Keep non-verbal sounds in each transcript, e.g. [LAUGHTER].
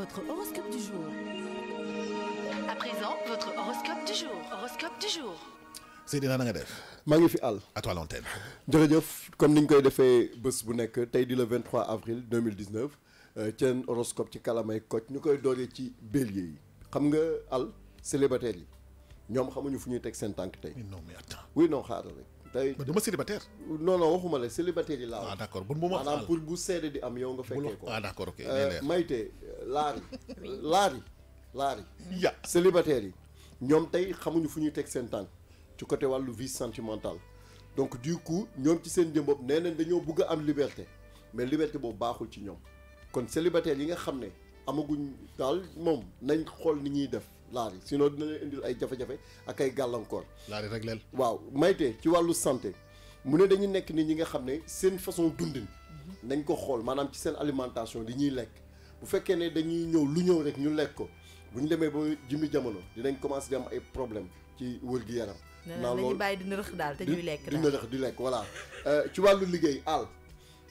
votre horoscope du jour. À présent, votre horoscope du jour. Horoscope du jour. def. maa ngi fi àll. à toi l'antenne. jërëjëf comme ni ñu koy defee bés bu nekk tey di le 23 avril 2019 euh, seen horoscope ci kalamay Kocc ñu koy dooree ci bélier yi xam nga àll célibataire yi ñoom xamuñu fu ñuy teg seen tànk tey. non mais attends. xaaral rek. tey man dama célibataire waxuma la célibataire yi laa ah d' accord bu ma maanaam ah. pour bu seede di am yow nga fekkee ko ah d' accord ok euh, Mayte euh, laari laari laari ya yi ñoom tey xamuñu fu ñuy teg seen tànk ci côté wàllu vie sentimentale donc du coup ñoom ci seen jëm bopp nee nañ dañoo bugg a am liberté mais liberté boobu baaxul ci ñoom kon célibataire yi nga xam ne amaguñ daal moom nañ xool ni ñuy def laari sinon dina leen indil ay jafe-jafe ak ay gàllankoor. laari rek leen waaw Mayte ci wàllu santé mu ne dañu nekk ni ñi nga xam ne seen façon dundin nañ ko xool maanaam ci seen alimentation li ñuy lekk bu fekkee ne dañuy ñëw lu ñëw rek ñu lekk ko bu ñu demee ba jimmi jamono dinañ commencé di am ay problème ci wër gi yaram. naa loolu dañuy dina rëx daal te ñuy lekk dina rëx di lekk voilà. Euh, ci wàllu liggéey àll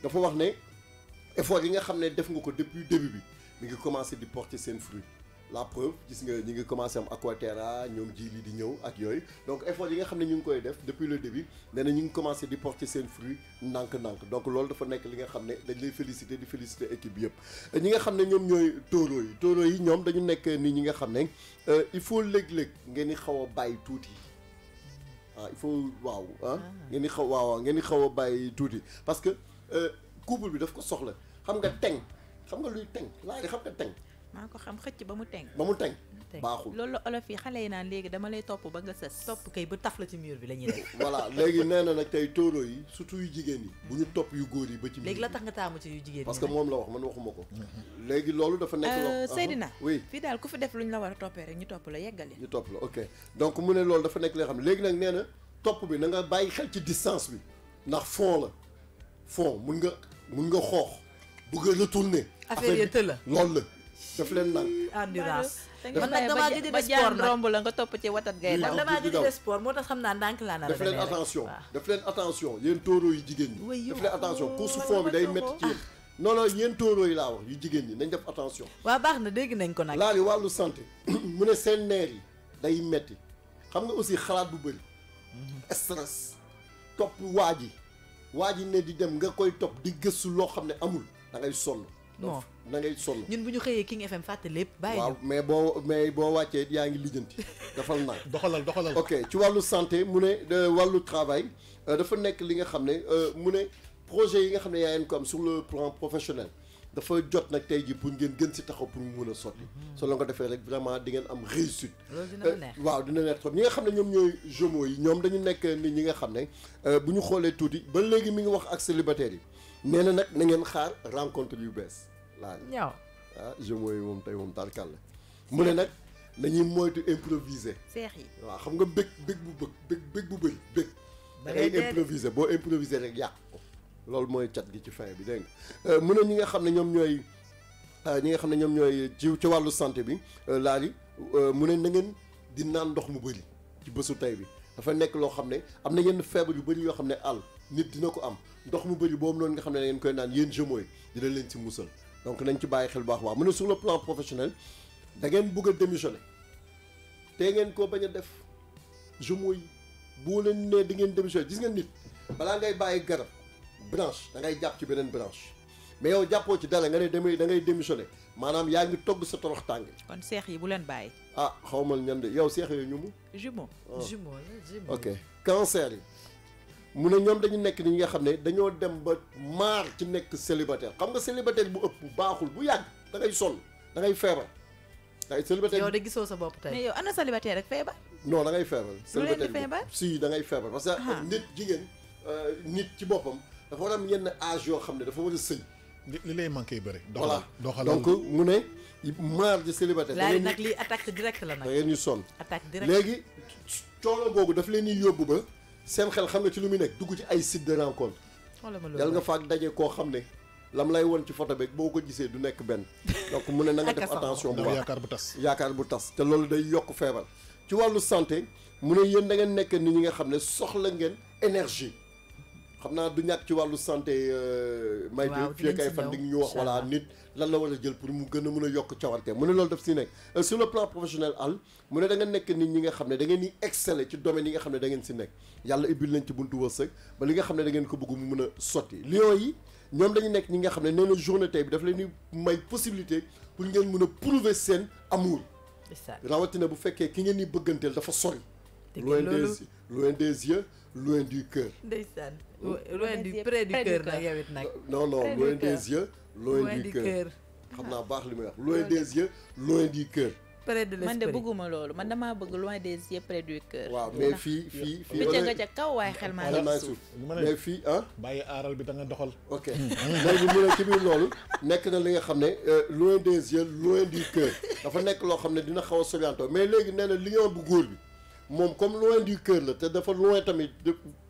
dafa wax ne effort yi nga xam ne def nga ko depuis début bi mi ngi commencé di porter seen fruit. la preuve gis nga ñi ngi commencé am aquaterra ñoom ji lii di ñëw ak yooyu donc effort yi nga xam ne ñu ngi koy def depuis le début nee na ñu ngi commencé di porter seen fruit ndànk-ndànk donc loolu dafa nekk li nga xam ne dañ lay féliciter di féliciter équipe bi yëpp ñi nga xam ne ñoom ñooy tóoroo yi tóoroo yi ñoom dañu nekk ni ñi nga xam ne euh, il faut léeg-léeg ngeen di xaw a bàyyi tuuti ah il faut waaw ah ngeen di xaw waaw ngeen di xaw a bàyyi tuuti parce que euh, couple bi daf ko soxla xam nga teng xam nga luy teng laaj xam nga maa ko xam xëcc ba mu teng ba mu teng baaxul loolu la olof yi xale yi naan léegi dama lay topp ba nga sës topp kay ba tax la ci miir bi la ñuy def [LAUGHS] voilà léegi nee na nag tey tóoro yi surtout yu jigéen yi bu ñu topp yu góor yi ba ci mur léegi la tax nga taamu ci yu jigéen yi parce que moom la wax man waxuma ko léegi loolu dafa nekk loo euh, Seydina oui fii daal ku fi def lu ñu la war a toppee rek ñu topp la yeggali ñu topp la ok donc mu ne loolu dafa nekk li nga xam léegi nag neena na topp bi na nga bàyyi xel c distance bi ndax fond la mun nga mun nga xoox bëgg a retourner affaire yi la loolu la daf leen naan. endurance man nag damaa gëj a sport ba la nga topp ci watat gay damaa gëj a sport moo tax xam naa ndànk laa nar daf leen leen attention yéen tóoroo yu jigéen ñi daf leen attention course fond bi day métti ci yéen non non yéen laa wax yu jigéen ñi nañ def attention waaw baax na dégg nañ ko nag laa wàllu santé [CLEARS THROAT] mu ne seen neer yi day metti xam nga aussi xalaat bu bëri mhm. stress topp waa ji waa ji ne di dem nga koy topp di gëstu loo xam ne amul da ngay non da ngay sonn. ñun bu ñu xëyee King FM fàtte lépp. bàyyi waaw mais boo mais boo wàccee yaa ngi lijjanti [LAUGHS] dafal naa. doxalal doxalal ok ci wàllu santé mu ne wàllu travail euh, dafa nekk li nga xam ne euh, mu ne projet yi nga xam ne yaa ngeen ko am sur le plan dafa jot nag tey jii pour ngeen gën si taxaw pour mu mun a sotti. Mhm. soo ko defee rek dingeen di ngeen am réussite. Euh, waaw dina neex trop ñi nga xam ne ñoom ñooy jomo yi ñoom dañu nekk nit ñi nga xam ne bu ñu xoolee tuuti ba léegi mi ngi wax ak célibataire yi nee na nag na ngeen xaar rencontre yu bees. laaj ñaaw ah jeu mooy moom tey moom tarkal la mu ne nag nañuy moytu improviser seex yi waaw xam nga bëgg bëgg bu bëgg bëgg bu bëri bëgg da ngay improviser boo improviser rek yàq ko loolu mooy cat gi ci fin bi dégg nga euh, mu ne ñi nga xam ne ñoom ñooy euh, ñi nga xam ne ñoom ñooy ci ci wàllu santé bi euh, laal yi mu ne na ngeen di naan ndox mu bëri ci bésu tey bi dafa nekk loo xam ne am na yenn feebar yu bëri yoo xam ne àll nit dina ko am ndox mu bëri boobu noonu nga xam ne da ngeen koy naan yéen jëmooy dina leen ci musal donc nañ ci bàyyi xel bu baax baax mu ne sur le plan professionnel da ngeen bugg a démissionner te ngeen ko bañ a def je mooy boo leen nee da ngeen démissionner gis ngeen nit balaa ngay bàyyi garab branche da ngay jàpp ci beneen branche mais yow jàppoo ci dara nga ne damay da ngay démissionner maanaam yaa ngi togg sa torox tàng. kon seex yi bu leen bàyyi. ah xaw ma ñan de yow seex yooyu ñu mu. jumeau ah. jumeau ok cancer yi. mu ne ñoom dañu nekk ni nga xam ne dañoo dem ba maar ci nekk célibataire xam nga célibataire bu ëpp bu baaxul bu yàgg da ngay sonn da feebar da ngay célibataire yow de gisoo sa bopp tey mais yow ana célibataire rek feebar non da ngay feebar célibataire feebar si da ngay feebar parce que ah. nit jigéen euh, nit ci boppam dafa war am yenn âge yoo xam ne dafa war a sëy li lay manqué bëri voilà donc mu ne maar di célibataire laali nag li attaque directe la nag da ngeen ñu sonn attaque léegi coono googu daf leen ñuy yóbbu ba seen xel xam nga ci lu muy nekk dugg ci ay site de rencontre yàlla nga faak daje koo xam ne lam lay woon ci photo beeg boo ko gisee du nekk benn donc mu ne na nga [LAUGHS] def attention bu baax yaakaar bu tas yaakaar tas te loolu day yokk feebar ci wàllu santé mu ne yéen da ngeen nekk ni ñi nga xam ne soxla ngeen energie xam naa du ñàkk ci wàllu santé euh, may de fii ak ay fan di ñu wax voilà nit lan la war a jël pour mu gën a mën a yokk cawarte mu ne loolu daf si nekk euh, sur le plan professionnel al mu ne da nga nekk nit ñi nga xam ne da ngeen di exceller ci domaine yi nga xam ne da ngeen si nekk yàlla ubbil nañ ci buntu wërsëg ba li nga xam ne da ngeen ko bëgg mu mën a sotti lion yi ñoom dañu nekk ñi nga xam ne nee na journée tey bi daf leen may possibilité pour ngeen mën a prouver seen amour rawatina bu fekkee ki ngeen di bëgganteel dafa sori loin des loin des yeux loin du cœur ndeysaan loin du près du cœur nag yow non non loin des yeux. loin du cœur xam naa ah. baax lu may wax loin des yeux loin du cœur. près de l'esprit man de bëgguma loolu man damaa bëgg loin de yeux près du cœur. waaw mais fii fii fii picc waaye xel maa ngi suuf mais fii ah. bàyyi aaral bi da nga doxal. ok léegi mu ne ci biir loolu nekk na li nga xam ne euh, loin de yeux loin du cœur dafa nekk loo xam ne dina xaw a sobianto mais léegi nee na lion bu góor bi moom comme loin du cœur la te dafa loin tamit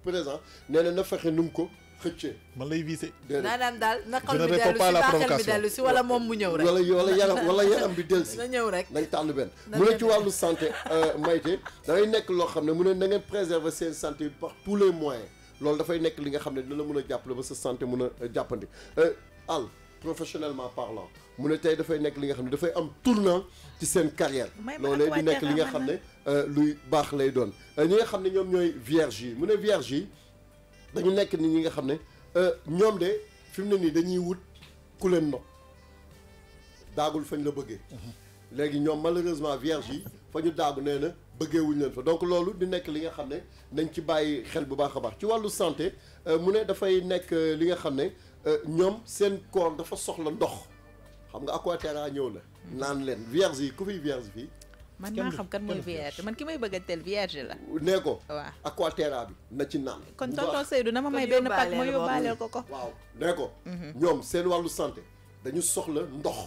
présent nee na na fexe nu mu ko xëccee. man lay visé. déedéet naanaam daal naqal bi dellu si baaxal dellu si wala moom mu ñëw rek. wala wala yaram wala yaram bi dellu si. [LAUGHS] na ñëw rek nañ tànn benn. mu ne ci wàllu santé euh, Mayte dangay nekk loo xam ne mu ne na ngeen préserver seen santé par tous les moyens loolu dafay nekk li nga xam ne dina la mën a jàppale ba sa santé mën a euh, jàppandi euh, al professionnellement parlant mu ne tey dafay nekk li nga xam ne dafay am tournant ci seen carrière loolee di nekk li nga xam ne euh, luy baax lay doon euh, ñi nga xam ne ñoom ñooy vierge yi mu ne dañu nekk ni ñi nga xam ne euh, ñoom de fi mu ne nii dañuy wut ku leen nopp daagul fañ la bëggee mhm. léegi ñoom malheureusement vierge yi fa ñu daagu nee na bëggeewuñu leen fa donc loolu di nekk li nga xam ne nañ ci bàyyi xel bu baax a baax ci wàllu santé mu ne dafay nekk li nga xam ne Euh, ñoom seen corps dafa soxla ndox xam nga Aquaterra ñëw na. naan leen vierge yi ku fi vierge fii. man maa xam kan mooy vierge man ki may bëgg a teel vierge la. nee ko. waaw bi na ci naan. kon tonton Seydou na ma may benn pàcc ma yóbbaaleel ko ko. waaw nee ko. Mhm. ñoom seen wàllu santé dañu soxla ndox.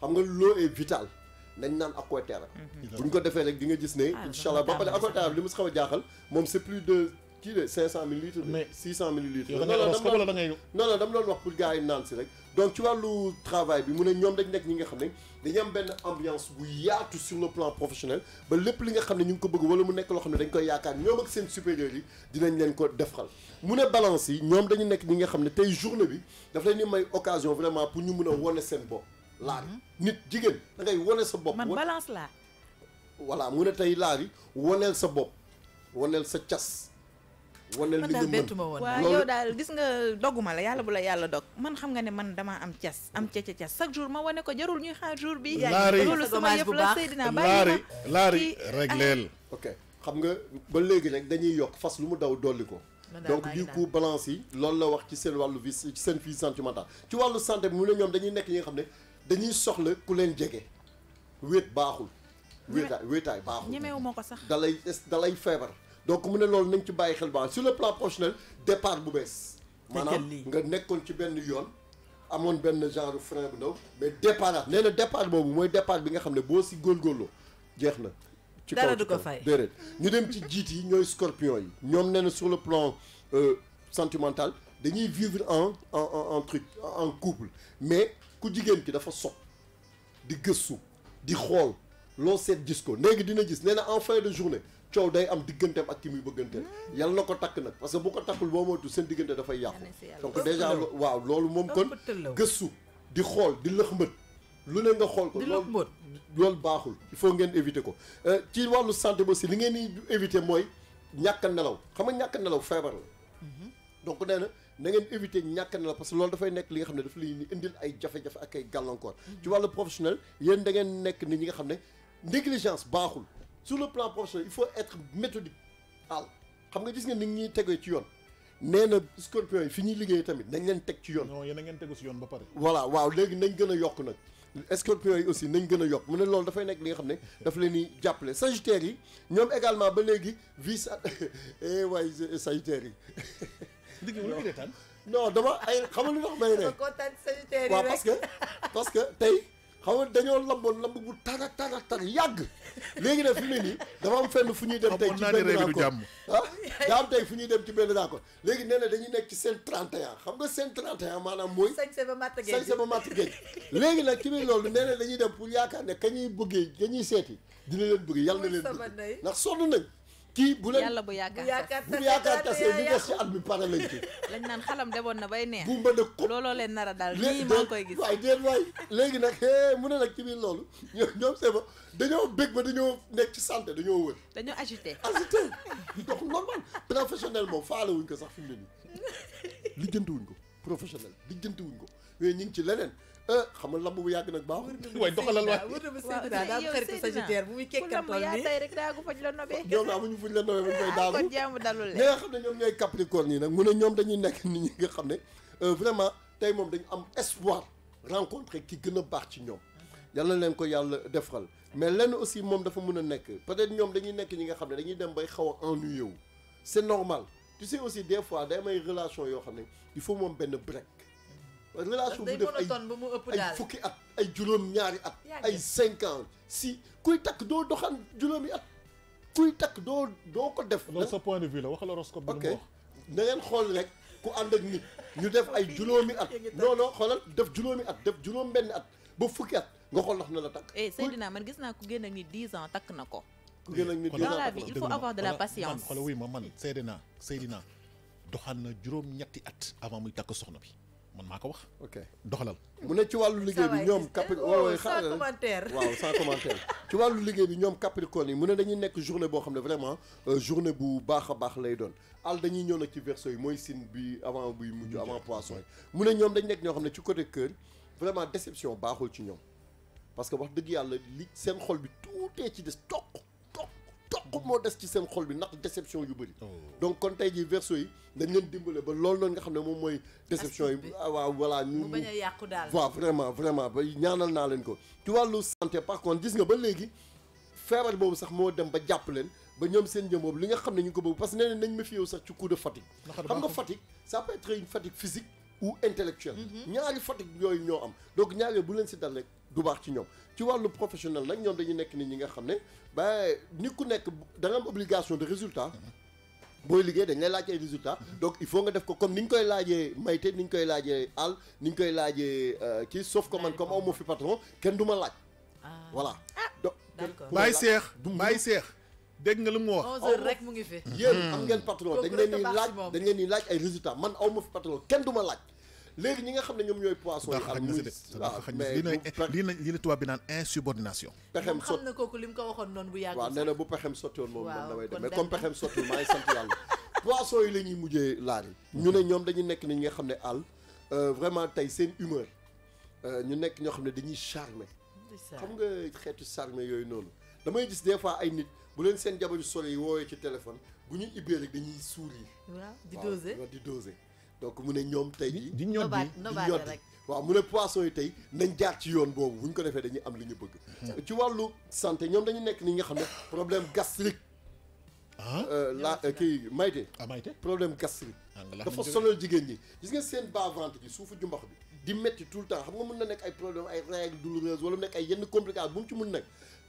xam nga l'eau est vitale nañ naan Aquaterra. Mhm. bu ñu ko defee rek di nga gis ne. Ah, incha ba pare Aquaterra bi li mu si xaw a jaaxal moom c'est plus de. kii de 500000 litres de. mais 600000 litres. yow da ngay oros kooku la da ngay dama doon wax pour gars yi naan si rek. donc ci wàllu travail bi mu ne ñoom dañ nekk ñi nga xam ne dañu am benn ambiance bu yaatu sur le li nga xam ne ñu ngi ko bëgg wala mu nekk loo xam dañ koy yaakaar ñoom ak seen supérieurs yi dinañ leen ko defal. mu ne balance yi ñoom dañu nekk ñi nga xam ne tey journée bi daf leen may occasion vraiment pour ñu mun a wane seen bopp. laaj mhm. nit jigéen da ngay wane sa bopp. man balance laa. mu ne tey laaj yi waneel sa bopp waneel sa cas. wanal li nga mën bettu yow daal gis nga dogguma la yàlla bu la yàlla dog man xam nga ne man damaa am cas am cece cas chaque jour ma wane ko jarul ñuy xaar jour bi laari loolu sama yëf la Seydina laari laari ah. xam nga ba léegi rek dañuy yokk fas lu mu daw dolli ko donc du coup balance loolu la wax ci seen wàllu vie ci seen vie sentimentale ci wàllu santé bi mu ne ñoom dañuy nekk ñi nga xam ne dañuy soxla ku leen jege wéet baaxul wéetaay wéetaay baaxul ñemewu ma ko sax dalay dalay feebar donc mu ne loolu nañ ci bàyyi xel ba sur le plan professionnel départ bu bees. maanaam nga nekkoon ci benn yoon. amoon benn genre frein bu ndaw mais départ at nee na départ boobu mooy départ bi nga xam ne boo si góorgóorloo jeex na. ci kaw dara du ko ñu dem ci jiit yi ñooy scorpion yi. ñoom nee na sur le plan euh, sentimental dañuy vivre en en en truc en couple mais ku jigéen ki dafa sob di gëstu di xool loo seet gis ko léegi dina gis nee na en fin de journée. coow day am digganteem ak ki muy bëgganteel yal ko takk nag parce que bu ko takkul boo moytu seen diggante dafay yàqu donc déjà waaw loolu moom kon gëstu di xool di lëxmbët lu leen nga xool ko loolu loolu baaxul il faut ngeen éviter ko euh, ci wàllu santé ba aussi li ngeen di éviter mooy ñàkk nelaw xam nga ñàkk nelaw feebar la mhm. donc nee na na ngeen éviter ñàkk nelaw parce que loolu dafay nekk li nga xam ne daf lay indil ay jafe-jafe ak ay gàllankoor mhm. ci wàllu professionnel yéen da nekk ni ñi nga xam ne négligence baaxul sur le plan professionnel il faut être méthodique aal xam nga gis nga ñuy tegee ci yoon nee na scorpion yi fi ñuy liggéey tamit nañ leen teg ci yoon. non yéen ngeen tegu si yoon ba pare. voilà waaw léegi nañ gën a yokk nag scorpion yi aussi nañ gën a yokk mu ne loolu dafay nekk li nga xam ne daf leen di jàppale sagittaire yi ñoom également ba léegi vice [LAUGHS] eh waay sagittaire yi. dëgg la dama ay xam nga lu ma wax may ne. parce que parce que tey. xam nga dañoo lamboon lamb bu tara tara tar yàgg léegi nag fi mu ne nii dafa fenn fu ñuy dem tey ci benn raccord ah daa am tey fu ñuy dem ci benn raccord léegi nee na dañuy nekk ci seen 31 xam nga seen 31 maanaam mooy sañse ba matt géej sañse ba matt géej léegi nag ci biir loolu nee dañuy dem pour yaakaar ne ka ñuy bëggee ka ñuy seeti dina leen bëgg yal na leen bëgg ndax sonn nañ kii bu leen yàlla bu yaakaar bu yaakaar tase li des ci at bi pare lañ ci. [LAUGHS] lañ naan xalam demoon na bay neex. bu mën a ko looloo leen nar a daal nii maa ngi koy gis. waay déet waay léegi nag mu ne nag ci biir loolu ñoom c'est ba dañoo bég ba dañoo nekk ci santé dañoo wër. dañoo agité agité donc normal professionnel moom faale wuñ ko sax fi mu ne nii [LAUGHS] lijjanti wuñ ko professionnel lijjanti wuñ ko mais ñu ngi ci leneen. Eh, xam nga lamb bu yàgg nag baaxul. waaye doxalal waay waaw daal xarit sagittaire bu muy kekkantoo nii tey rek daagu fañ la nobee. ñoom amuñu fuñ la nobee buñ koy ah, daagu kon jàmm dalul ñi nga xam ne ñoom ñooy capricorne yi nag mu ne ñoom dañuy nekk nit ñi nga xam ne euh, vraiment tey moom dañu am espoir rencontré ki gën a baax ci ñoom yàlla leen ko yàlla defal mais lenn aussi moom dafa mun a nekk peut-être ñoom dañuy nekk ñi nga xam ne dañuy dem bay xaw a ennuyé wu c'est normal tu sais aussi des fois day may relation yoo xam ne il faut moom benn break relation bu def ay ay fukki at ay juróom-ñaari at. ay cinq ans si kuy takk doo doxaan juróomi at. kuy takk doo doo ko def. loolu sa point de vue la waxal horoscope bi. ok na ngeen xool rek ku ànd ak nit ñu def ay juróomi at. non non xoolal def juróomi at def juróom benn at ba fukki at nga xool ndax na la takk. eh Seydina man gis naa ku génn ak ni dix ans takk na ko. ku génn ak ni dix ans dans la vie il faut avoir de la patience. xoolal wuy ma man Seydina Seydina doxaan na juróom-ñetti at avant muy takk soxna bi. man maa ko wax. ok doxalal. mu ne ci wàllu liggéey bi ñoom. capi waaw sans [LAUGHS] commentaire wàllu liggéey bi ñoom Capricorne yi mu ne dañuy nekk journée boo xam ne vraiment euh, journée bu baax a baax lay doon àll dañuy ñëw nag ci Verseau yi mooy signe bi avant buy mujj avant poisson yi. mu ne ñoom dañ nekk ñoo xam ne ci côté cœur vraiment déception baaxul ci ñoom parce que wax dëgg yàlla li seen xol bi tuutee ci des toq. xub moo des ci seen xol bi ndax déception yu bëri oh. donc kon tey jii verso yi dañ leen dimbale ba loolu noonu nga xam ne moom mooy déception yi ah, waaw voilà ñu mu bañ vraiment vraiment ba ñaanal naa leen ko ci wàllu santé par contre gis nga ba léegi feebar boobu sax moo dem ba jàpp leen ba ñoom seen jëm boobu li nga xam ne ñu ko bëgg parce que nee nañ ma fiyewu sax ci coup de fatigue xam nga fatigue ça peut être fatigue physique ou intellectuelle mm-hmm. ñaari fatigue yooyu ñoo am donc ñaari bu leen si dal rek du baax ci ñoom ci wàllu professionnel nag ñoom dañu nekk nit ñi nga xam ne ba ni ku nekk da nga am obligation de résultat booy liggéey dañ lay laaj ay résultat donc il faut nga def ko comme ni ñu koy laajee mayte ni ñu koy laajee àll ni ñu koy laajee euh, kii sauf que man comme aw ma fi patron kenn du ma laaj ah. voilà ah. donc bàyyi seex bàyyi seex dégg nga lu mu wax 11h rek mu ngi fi yéen am ngeen patron dañ leen di laaj dañ leen di laaj ay résultat man aw ma fi patron kenn du ma laaj léegi ñi nga xam ne ñoom ñooy poisson yi am muy waaw mais lii la lii la tubaab bi naan insubordination pexem sot xam na pexem sotti woon moom sant yàlla [LAUGHS] poisson yi la ñuy mujjee laal yi ñu ne ñoom dañu nekk ni ñu nga xam ne àll euh, vraiment tey seen humeur euh, ñu nekk ñoo xam ne dañuy charmé xam nga xeetu charmé yooyu noonu damay gis des fois ay nit bu leen seen jabaru solo yi woowee ci téléphone bu ñu ibbee rek dañuy sourire waaw di doser donc mu ne ñoom tey jii di ñot di waaw mu ne poisson yi tey nañ jaar ci yoon boobu bu ñu ko defee dañuy am li ñu bëgg mhm. ci wàllu santé ñoom dañu nekk ni nga xam ne problème gastrique ah euh, la kii Mayte ah Mayte problème gastrique dafa sonal jigéen ñi gis nga seen bas ventre ji suufu jumbax bi di métti tout le temps xam nga mun na nekk ay problème ay règles douloureuses wala nekk ay yenn complications bu mu ci mun nag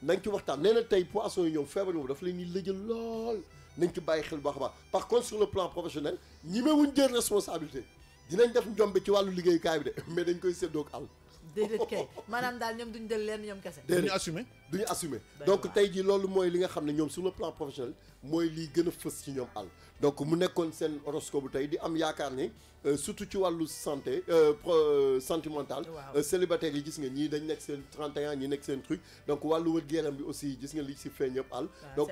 nañ ci waxtaan nee na tey poissons yi ñoom feebar boobu dafa leen ñuy lëjal lool nañ ci bàyyi xel baax a baax par contre sur le plan professionnel ñi mewuñ jël responsabilité dinañ def njombe ci wàllu liggéeyukaay bi de [LAUGHS] mais dañ koy séddoo ak àll déedéet kay maanaam daal ñoom duñ del leen ñoom kese. duñu assumer duñu assumer donc tey jii loolu mooy li nga xam ne ñoom sur le plan professionnel mooy liy gën a fës ci ñoom àll donc mu nekkoon seen horoscope bu tey di am yaakaar ni euh, surtout ci wàllu santé euh, euh, sentimentale célibataire yi gis nga ñii dañ nekk seen 31 ñi nekk seen truc donc wàllu wër-gu-yaram bi aussi gis nga li si feeñ ñëpp àll donc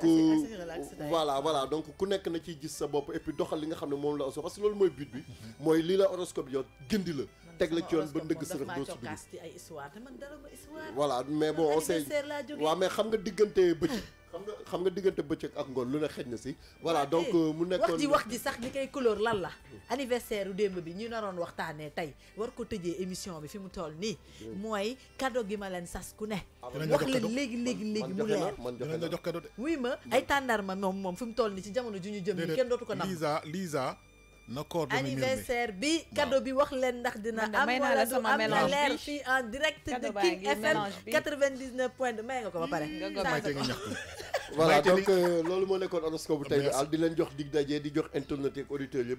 voilà voilà donc ku nekk na ci gis sa bopp et puis doxal li nga xam ne moom la aussi parce que loolu mooy but bi mhm. mooy lii la horoscope yo gëndi la teg la ci yoon ba ndëgg sërëf doo ci dugg ay histoire te man dara ma histoire voilà mais bon on sait waaw mais xam nga diggante bëccëg xam nga xam nga diggante bëccëg ak ngoon lu ne xej na si voilà donc eh, euh, mu nekkoon wax ji wax ji sax li koy couleur lan la anniversaire u démb bi ñu naroon waxtaanee tey war ko tëjee émission bi fi mu toll nii mooy cadeau gi ma leen sas ku ne ah, wax leen léegi léegi léegi mu leer dinañ la jox cadeau de oui ma ay tàndarma moom moom fi mu toll nii ci jamono ju ñu jëm ko nam Lisa na koor anniversaire bi cadeau bi wax leen ndax dina am wala du am na leer fii en direct de King FM 99 point de may nga ko ba pare mm. voilà donc euh, loolu moo nekkoon horoscope bu tey bi di leen jox dig daje di jox internet ak auditeurs yëpp